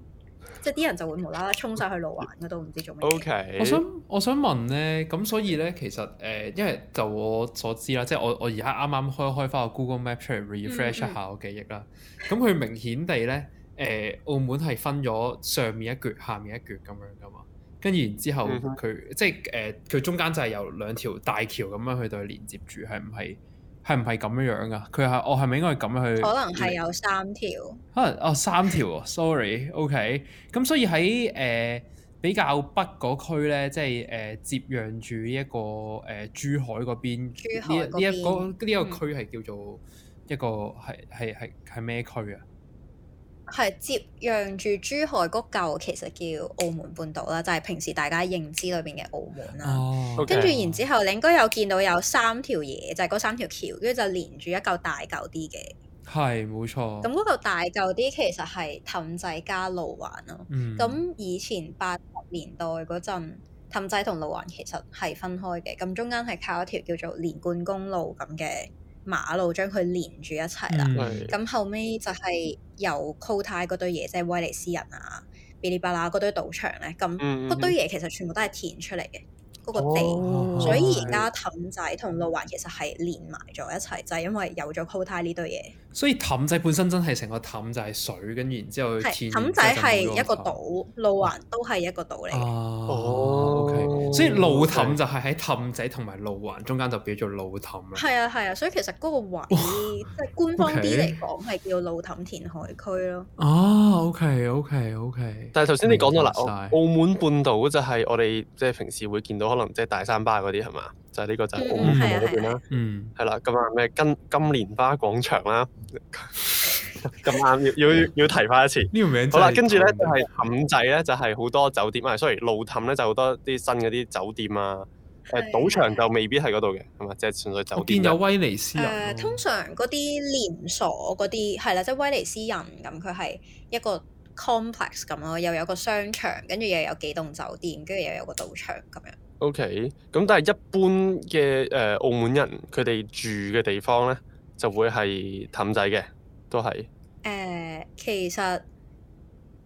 即係啲人就會無啦啦衝晒去路環，我 都唔知做咩。O Okay . K，我想我想問咧，咁所以咧，其實誒、呃，因為就我所知啦，即係我我而家啱啱開開返個 Google Map 出嚟 refresh 一下我記憶啦。咁佢、嗯嗯、 明顯地咧，誒、呃，澳門係分咗上面一橛、下面一橛咁樣噶嘛。跟住然之後，佢、mm hmm. 即係誒，佢、呃、中間就係由兩條大橋咁樣去到連接住，係唔係？係唔係咁樣樣啊？佢係我係咪應該咁去？可能係有三條。可能、啊、哦，三條啊。Sorry，OK。咁所以喺誒、呃、比較北嗰區咧，即係誒、呃、接壤住一個誒珠海嗰邊。珠海嗰邊。呢一、一個、、嗯、個區係叫做一個係係係係咩區啊？係接壤住珠海嗰嚿，其實叫澳門半島啦，就係、是、平時大家認知裏邊嘅澳門啦。跟住、oh, okay. 然之後，你應該有見到有三條嘢，就係、是、嗰三條橋，跟住就連住一嚿大嚿啲嘅。係冇錯。咁嗰嚿大嚿啲其實係氹仔加路環咯。咁、mm. 以前八十年代嗰陣，氹仔同路環其實係分開嘅，咁中間係靠一條叫做連貫公路咁嘅。馬路將佢連住一齊啦，咁、嗯嗯嗯、後尾就係由 Cotai 嗰堆嘢，即係威尼斯人啊，噼里啪啦嗰堆賭場咧，咁嗰堆嘢其實全部都係填出嚟嘅嗰個地，哦、所以而家氹仔同路環其實係連埋咗一齊，就係、是、因為有咗 Cotai 呢堆嘢。所以氹仔本身真係成個氹就係水，跟住然之後，氹仔係一個島，嗯、路環都係一個島嚟。哦哦。所以路氹就係喺氹仔同埋路環中間就叫做路氹啦。係啊，係啊，所以其實嗰個位即係官方啲嚟講係 Okay. 叫路氹填海區咯。哦，OK，OK，OK、啊。Okay, okay, okay 但係頭先你講到嗱，澳門半島就係我哋即係平時會見到可能即係大三巴嗰啲係嘛？就係、是、呢個就係澳門半島嗰邊啦。嗯，係啦、啊，咁啊咩、嗯啊、金金蓮花廣場啦、啊。 咁啱 要要要提翻一次，名字吧呢名。好啦，跟住咧就係氹仔咧就係好多酒店啊，sorry 路氹咧就好多啲新嗰啲酒店啊，誒賭、呃、場就未必喺嗰度嘅，係嘛，即係純粹酒店。我見有威尼斯人誒、呃，通常嗰啲連鎖嗰啲係啦，即係、就是、威尼斯人咁，佢係一個 complex 咁咯，又有個商場，跟住又有幾棟酒店，跟住又有個賭場咁樣。O K. 咁但係一般嘅誒、呃、澳門人佢哋住嘅地方咧，就會係氹仔嘅。都係誒，uh, 其實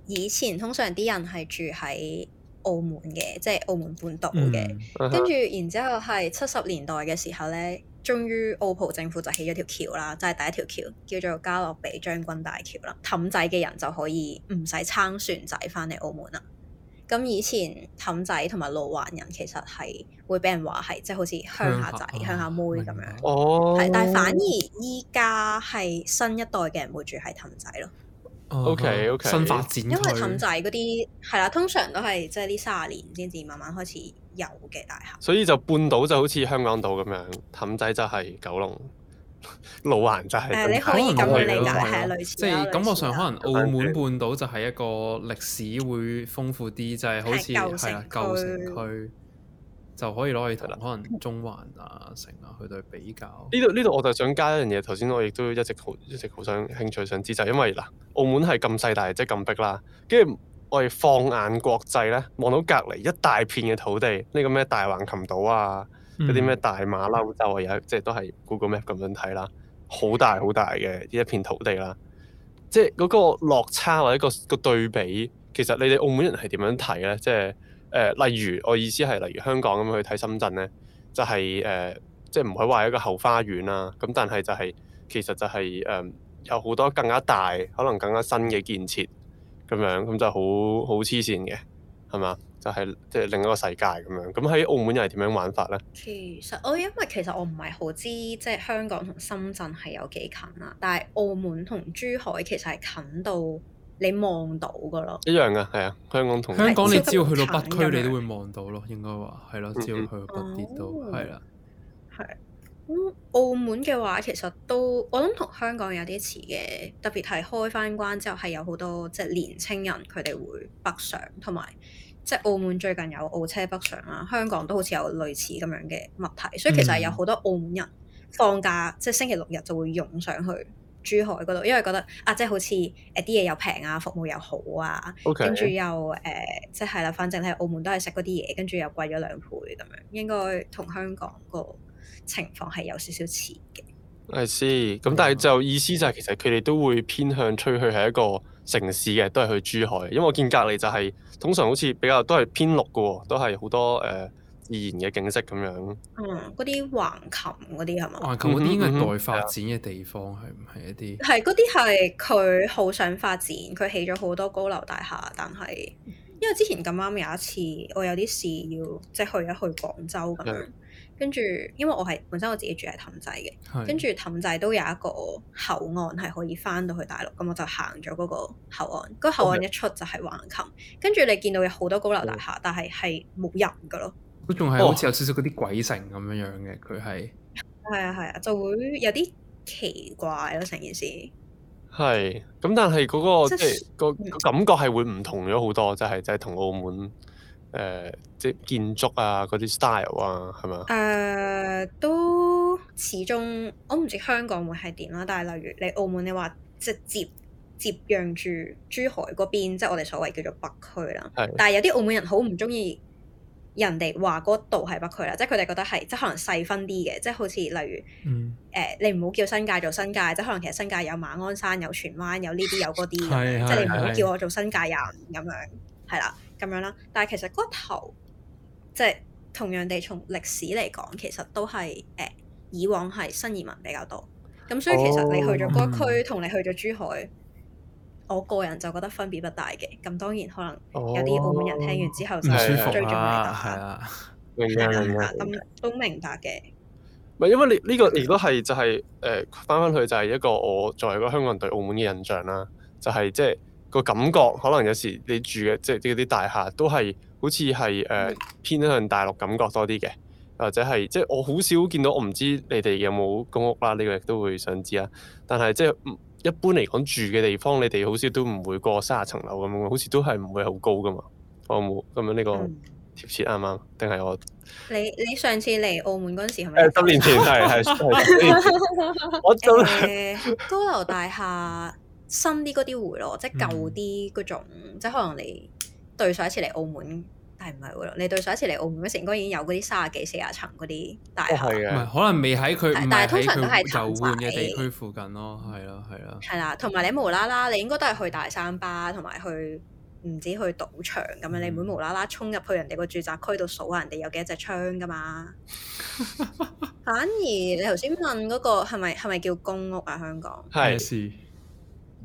以前通常啲人係住喺澳門嘅，即係澳門半島嘅。嗯、跟住然之後係七十年代嘅時候咧，終於澳葡政府就起咗條橋啦，就係、是、第一條橋，叫做加洛比將軍大橋啦。氹仔嘅人就可以唔使撐船仔翻嚟澳門啦。咁以前氹仔同埋路環人其實係會俾人話係即係好似鄉下仔鄉下，鄉下妹咁樣，係、哦，但係反而依家係新一代嘅人會住喺氹仔咯。O K O K，新發展。因為氹仔嗰啲係啦，通常都係即係呢三十年先至慢慢開始有嘅大廈。所以就半島就好似香港島咁樣，氹仔就係九龍。老環就係，你可以，你可能係咯，係類似，即係感覺上可能澳門半島就係一個歷史會豐富啲，就係好似係啦舊城區，就可以攞去，可能中環啊城啊去對比較。呢度呢度我就想加一樣嘢，頭先我亦都一直好一直好想興趣想知，就係因為嗱，澳門係咁細，大，即係咁逼啦，跟住我哋放眼國際咧，望到隔籬一大片嘅土地，呢個咩大橫琴島啊。嗰啲咩大馬騮就係有，即係都、嗯、係 Google Map 咁樣睇啦，好大好大嘅呢一片土地啦，即係嗰個落差或者、嗰個、嗰個對比，其實你哋澳門人係點樣睇咧？即係誒、呃，例如我意思係例如香港咁去睇深圳咧，就係、是、誒、呃，即係唔可以話一個後花園啦、啊。咁但係就係、是、其實就係、是、誒、呃，有好多更加大，可能更加新嘅建設咁樣，咁就好好黐線嘅，係嘛？就係即係另一個世界咁樣。咁喺澳門又係點樣玩法呢？其實我、哦、因為其實我唔係好知，即、就、係、係、香港同深圳係有幾近啦。但係澳門同珠海其實係近到你望到噶咯一樣啊，係啊。香港同香港你只要去到北區，你都會望到咯。應該話係咯，只要去到北啲都係啦。係、嗯、澳門嘅話，其實都我諗同香港有啲似嘅，特別係開翻關之後，係有好多即係、就係、年青人佢哋會北上，同埋。即係澳門最近有澳車北上啦、啊，香港都好似有類似咁樣嘅問題，所以其實有好多澳門人放假、嗯、即係星期六日就會湧上去珠海嗰度，因為覺得啊，即係好似誒啲嘢又平啊，服務又好啊，跟住 Okay. 又誒、呃、即係啦，反正你喺澳門都係食嗰啲嘢，跟住又貴咗兩倍咁樣，應該同香港個情況係有少少似嘅。係師，咁但係就意思就係，其實佢哋都會偏向出去係一個城市嘅，都係去珠海。因為我見隔籬就係、是、通常好似比較都係偏綠嘅，都係好多誒自、呃、然嘅景色咁樣。嗯，嗰啲橫琴嗰啲係咪？橫琴嗰啲應該係待發展嘅地方，係唔係一啲？係嗰啲係佢好想發展，佢起咗好多高樓大廈，但係因為之前咁啱有一次，我有啲事要即係去一去廣州咁樣。嗯跟住，因為我係本身我自己住喺氹仔嘅，是跟住氹仔都有一個口岸係可以翻到去大陸，咁、嗯、我就行咗嗰個口岸。嗰個口岸一出就係橫琴，哦、跟住你見到有好多高樓大廈，哦、但係係冇人嘅咯。都仲係好似有少少嗰啲鬼城咁樣樣嘅，佢係係啊係啊，啊，就會有啲奇怪咯成件事。係，咁但係嗰、嗰個是、嗯、即係個感覺係會唔同咗好多，就係就係同澳門。誒，即係建築啊，嗰啲 style 啊，係咪？誒，都始終我唔知香港會係點啦。但係例如你澳門，你話直接接壤住珠海嗰邊，即係我哋所謂叫做北區啦。係。但係有啲澳門人好唔中意人哋話嗰度係北區啦，即係佢哋覺得係即係可能細分啲嘅，即係好似例如誒、嗯呃，你唔好叫新界做新界，即係可能其實新界有馬鞍山、有荃灣、有呢啲、有嗰啲，即係你唔好叫我做新界人咁樣，係啦。咁樣啦，但係其實嗰頭即係、就是、同樣地，從歷史嚟講，其實都係誒、欸、以往係新移民比較多，咁所以其實你去咗嗰區，同、oh. 你去咗珠海，我個人就覺得分別不大嘅。咁當然可能有啲澳門人聽完之後就、oh. 舒服啦、啊，係啊，明嘅明嘅，咁都、啊、明白嘅。唔係因為你呢個如果係就係誒翻翻去就係一個我作為一個香港人對澳門嘅印象啦，就係即係。個感覺可能有時你住嘅即係嗰啲大廈都係好似係誒偏向大陸感覺多啲嘅，或者係即係我好少見到，我唔知你哋有冇公屋啦，呢個亦都會想知啊。但係即係一般嚟講住嘅地方，你哋好少都唔會過三十層樓咁樣，好似都係唔會好高噶嘛。我冇咁樣呢個貼切啱啱？定係我你你上次嚟澳門嗰陣時係咪？誒、呃，十年前係係、， 欸、高樓大廈。 新啲嗰啲回咯，即係舊啲嗰種，即係可能你對上一次嚟澳門，但係唔係回咯。你對上一次嚟澳門嗰時，應該已經有嗰啲三十幾、四十層嗰啲大廈。哦係啊，唔係可能未喺佢但係通常都係舊嘅地區附近咯，係咯係咯。係啦，同埋你無啦啦，你應該都係去大三巴，同埋去唔止去賭場咁樣，你唔會無啦啦衝入去人哋個住宅區度數下人哋有幾多隻槍㗎嘛。反而你頭先問嗰個係咪係咪叫公屋啊？香港係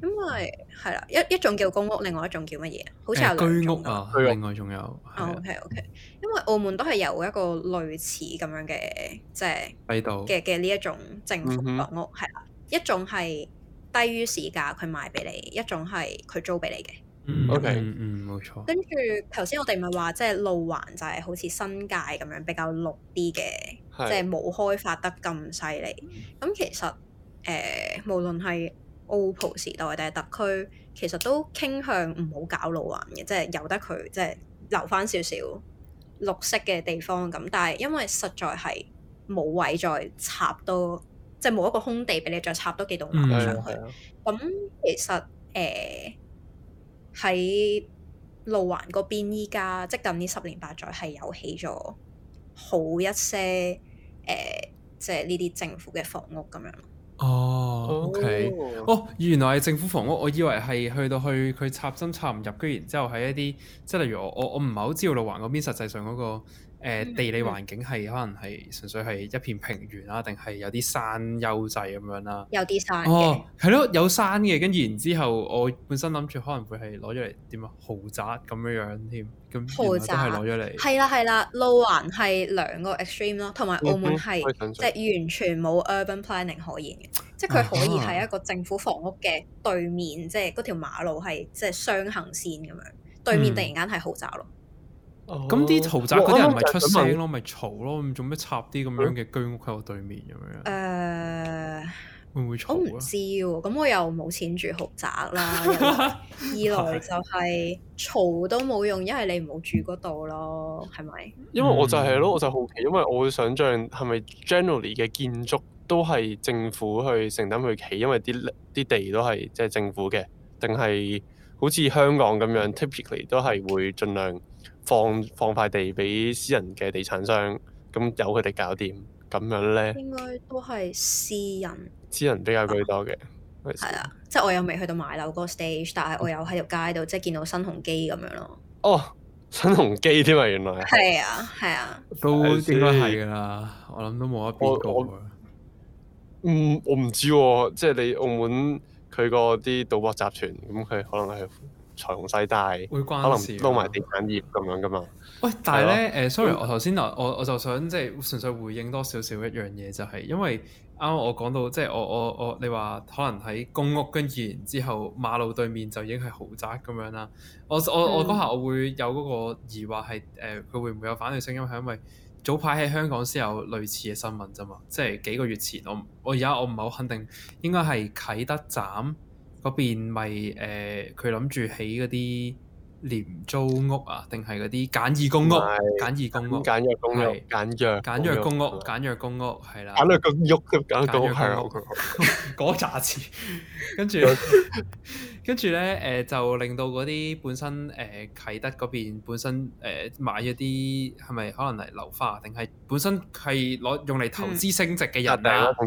因為係啦，一一種叫公屋，另外一種叫乜嘢好似係居屋啊，屋另外仲有。o、oh, k okay, OK，因為澳門都係有一個類似咁樣嘅，即係喺度嘅嘅呢一種政府房屋，係啦、嗯哼，一種係低於市價佢賣俾你，一種係佢租俾你嘅、嗯 okay 嗯。嗯，OK，嗯，冇錯。跟住頭先我哋咪話，即、就、係、是、路環就係好似新界咁樣比較綠啲嘅，即係冇開發得咁犀利。咁、嗯、其實誒、呃，無論係。OPPO 時代定係特區，其實都傾向唔好搞路環嘅，即係由得佢，即係留返少少綠色嘅地方咁。但係因為實在係冇位再插多，即係冇一個空地畀你再插多幾棟樓上去。咁其實誒喺、呃、路環嗰邊依家，即係近呢十年八載係有起咗好一些誒、呃，即係呢啲政府嘅房屋咁樣。哦、oh，OK，哦，oh. oh, 原來係政府房屋，我以為係去到去佢插針插唔入，居然之後喺一啲，即係例如我我我唔係好知道路環嗰邊實際上嗰、那個、呃、地理環境係可能係純粹係一片平原啊，定係有啲山優勢咁樣啦、啊，有啲山。哦，係咯，有山嘅，跟住然之後，我本身諗住可能會係攞咗嚟點啊豪宅咁樣樣添。豪宅攞咗嚟，係啦，係啦，路環係兩個 extreme 咯，同埋澳門係、嗯、即係完全冇 urban planning 可言嘅，即係佢可以喺一個政府房屋嘅對面，啊、即係嗰條馬路係即係雙行線咁樣，嗯、對面突然間係豪宅咯。咁啲豪宅嗰啲唔係出聲咯，咪嘈、啊、咯，做咩插啲咁樣嘅居屋喺我對面咁樣？嗯呃會會我唔知喎、啊，咁我又冇錢住豪宅啦。 二來就係嘈都冇用，一係你唔好住嗰度咯，係咪？嗯、因為我就係、係、咯，我就好奇，因為我會想像係咪 generally 嘅建築都係政府去承擔去起，因為啲啲地都係即係政府嘅，定係好似香港咁樣 typically 都係會盡量放放塊地俾私人嘅地產商，咁由佢哋搞掂。咁樣咧，應該都係私人，私人比較居多嘅。係啊，啊，即係我又未去到買樓嗰個 stage，但係我又喺條街度即係見到新鴻基咁樣咯。哦，新鴻基添啊，原來係啊，係啊，都應該係噶啦。我諗都冇得變過。嗯，我唔知，啊，即係你澳門佢個啲賭博集團，咁佢可能係。財雄勢大，會關事可能攞埋地產業咁樣噶嘛？喂，但係咧，誒了、uh,，sorry，我頭先我我就想即係、就是、純粹回應多少少一樣嘢，就係、是、因為啱啱我講到即係、就是、我我我，你話可能喺公屋跟住然之後馬路對面就已經係豪宅咁樣啦。我我我嗰下我會有嗰個疑惑係誒，佢、呃、會唔會有反對聲音？係因，因為早排喺香港先有類似嘅新聞啫嘛，即、就、係、是、幾個月前我我而家我唔係好肯定，應該係啟德站。嗰邊咪誒，佢諗住起嗰啲廉租屋啊，定係嗰啲簡易公屋、簡易公屋、簡約公屋、簡約公屋、簡約公屋，係啦，簡約咁喐嘅簡，係啊，嗰扎字，跟住，跟住咧，誒，就令到嗰啲本身誒啟德嗰邊本身誒買咗啲係咪可能係樓花，定係本身係攞用嚟投資升值嘅人啊，或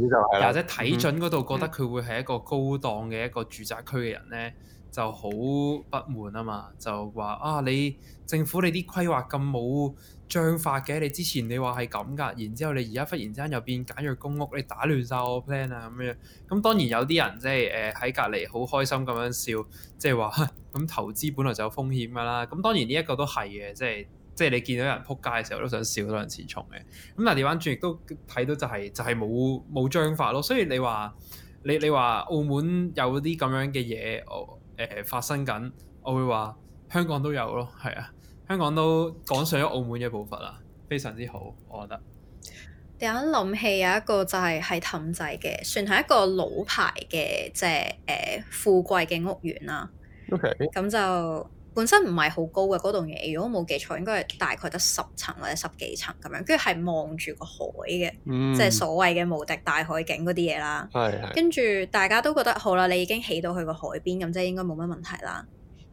者睇準嗰度覺得佢會係一個高檔嘅一個住宅區嘅人咧。就好不滿啊嘛，就話啊你政府你啲規劃咁冇章法嘅，你之前你話係咁㗎，然之後你而家忽然之間又變簡約公屋，你打亂晒我 plan 啊咁樣。咁當然有啲人即係誒喺隔離好開心咁樣笑，即係話咁投資本來就有風險㗎啦。咁當然呢一個都係嘅，即係即係你見到人撲街嘅時候都想笑，多人恃寵嘅。咁嗱，地盤轉亦都睇到就係、是、就係冇冇章法咯。所以你話你你話澳門有啲咁樣嘅嘢，哦誒、呃、發生緊，我會話香港都有咯，係啊，香港都趕上咗澳門嘅步伐啦，非常之好，我覺得。突然諗起有一個就係係氹仔嘅，算係一個老牌嘅即係誒富貴嘅屋苑啦、啊。OK，咁就。本身唔係好高嘅，嗰棟嘢如果冇記錯，應該係大概得十層或者十幾層咁樣，跟住係望住個海嘅，嗯、即係所謂嘅無敵大海景嗰啲嘢啦。跟住係係大家都覺得好啦，你已經起到去個海邊咁，即係應該冇乜問題啦。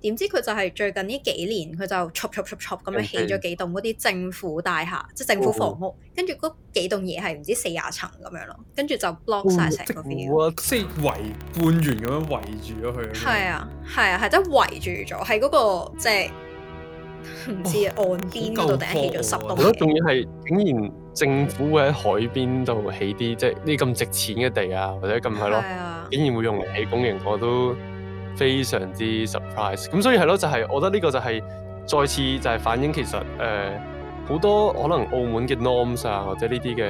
點知佢就係最近呢幾年，佢就篤篤篤篤咁樣起咗幾棟嗰啲政府大廈，Okay. 即係政府房屋。跟住嗰幾棟嘢係唔知四廿層咁樣咯，跟住就 block 曬成嗰邊。即係圍半圓咁樣圍住咗佢。係啊，係啊，係即係圍住咗，喺嗰、那個即係唔知、哦、岸邊度第一起咗十棟。我覺得重要係竟然政府會喺海邊度起啲即係呢咁值錢嘅地啊，或者咁係咯，竟然會用嚟起公營，我都～非常之 surprise，咁所以係咯，就係、是、我覺得呢個就係再次就係反映其實誒好、呃、多可能澳門嘅 norms 啊，或者呢啲嘅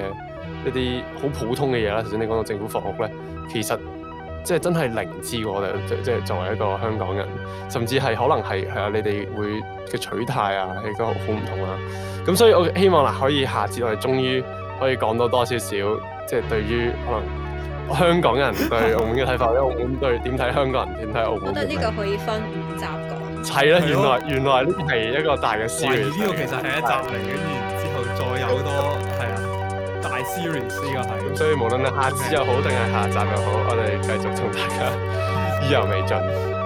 一啲好普通嘅嘢啦。頭先你講到政府房屋咧，其實即係真係零知我哋即係作為一個香港人，甚至係可能係係啊你哋會嘅取態啊，亦都好唔同啦、啊。咁所以我希望嗱，可以下次我哋終於可以講到多，多少少，即係對於可能。香港人對澳門嘅睇法，或澳門對點睇香港人，點睇澳門？我覺得呢個可以分集講。係啦、 啊，原來原來呢個係一個大嘅 series。呢個其實係一集嚟嘅。跟住 之後再有好多係啊大 series 嘅題。咁所以無論係下次又好定係下集又好，我哋繼續同大家意猶未盡。